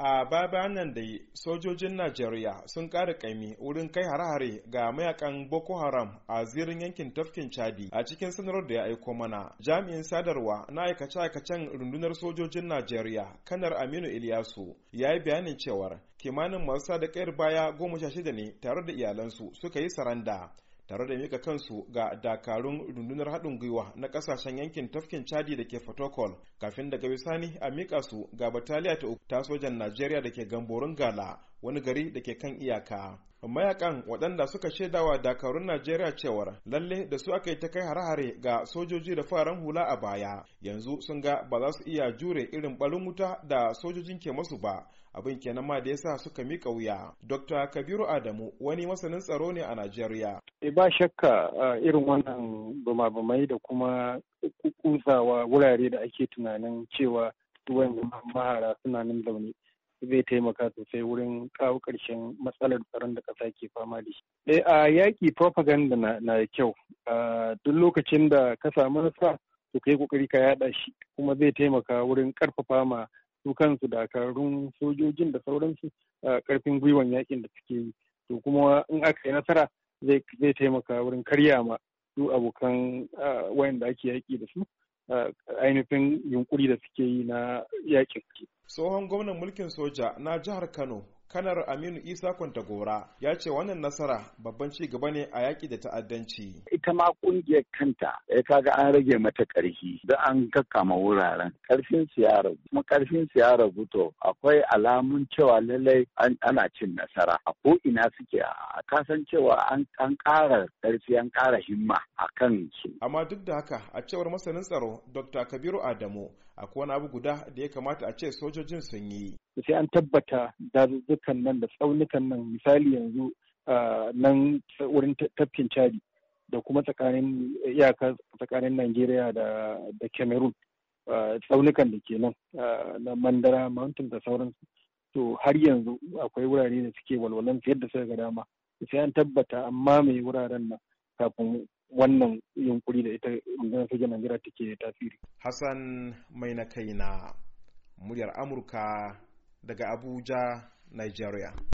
a baya nan da sojojin najeriya sun ƙara kaimi wurin kai hare-hare ga mayakan boko haram a zirin yankin tafkin chadi a cikin sanarwar da ya aiko mana jami'in sadarwa na aikace-aikacen rundunar sojojin najeriya kanar aminu iliyasu ya yi bayanin cewar kimanin masu sada kayar baya goma sha shida ne tare da iyalansu suka yi saranda tare da mika kansu ga dakarun rundunar haɗin gwiwa na ƙasashen yankin tafkin chadi da ke fotokol kafin daga bisani a mika su ga bataliya ta uku sojan najeriya da ke gamborin gala wani gari da ke kan iyaka mayakan waɗanda suka shaidawa dakarun najeriya cewar lalle da su aka yi ta kai hare-hare ga sojoji da fararen hula a baya yanzu sun ga ba za su iya jure irin ɓarin wuta da sojojin ke masu ba abin kenan ma da ya sa suka mika wuya dr kabiru adamu wani masanin tsaro ne a najeriya e ba shakka irin wannan bumabumai da kuma kuzawa wurare da ake tunanin cewa mahara suna nan zaune zai taimaka sosai wurin kawo ƙarshen matsalar tsaron da ƙasa ke fama da shi. Eh, a yaƙi propaganda na da kyau duk lokacin da ka samu nasara to kai kokari ka yaɗa shi kuma zai taimaka wurin ƙarfafa ma su kansu dakarun sojojin da sauransu a ƙarfin gwiwan yaƙin da suke yi to kuma in aka yi nasara zai taimaka wurin karya ma su abokan wayanda ake yaƙi da su ainihin yunkuri da suke yi na yaƙin tsohon gwamnan mulkin soja na jihar kano kanar aminu isa kwantagora ya ce wannan nasara babban ci gaba ne a yaƙi da ta'addanci ita ma ƙungiyar kanta ya eh, kaga an rage mata ƙarfi da an kakkama wuraren ƙarfin su ya ragu kuma ƙarfin su ya ragu to akwai alamun cewa lallai ana cin nasara a ko ina suke a kasan cewa an ƙara ƙarfi an ƙara himma a kan su amma duk da haka a cewar masanin tsaro dr kabiru adamu akwai wani abu guda da ya kamata a ce sojojin sun yi sai an tabbata da tsaunukan nan da tsaunukan nan misali yanzu nan wurin tafkin chadi da kuma tsakanin iyaka tsakanin nigeria da Cameroon tsaunukan da ke nan na Mandara Mountain da sauransu to har yanzu akwai wurare da suke walwalan da suka ga dama sai an tabbata amma mai wuraren nan kafin wannan yunkuri da ita rundunar sojan Najeriya take tasiri. Hassan mai na kai na muryar Amurka daga Abuja Nigeria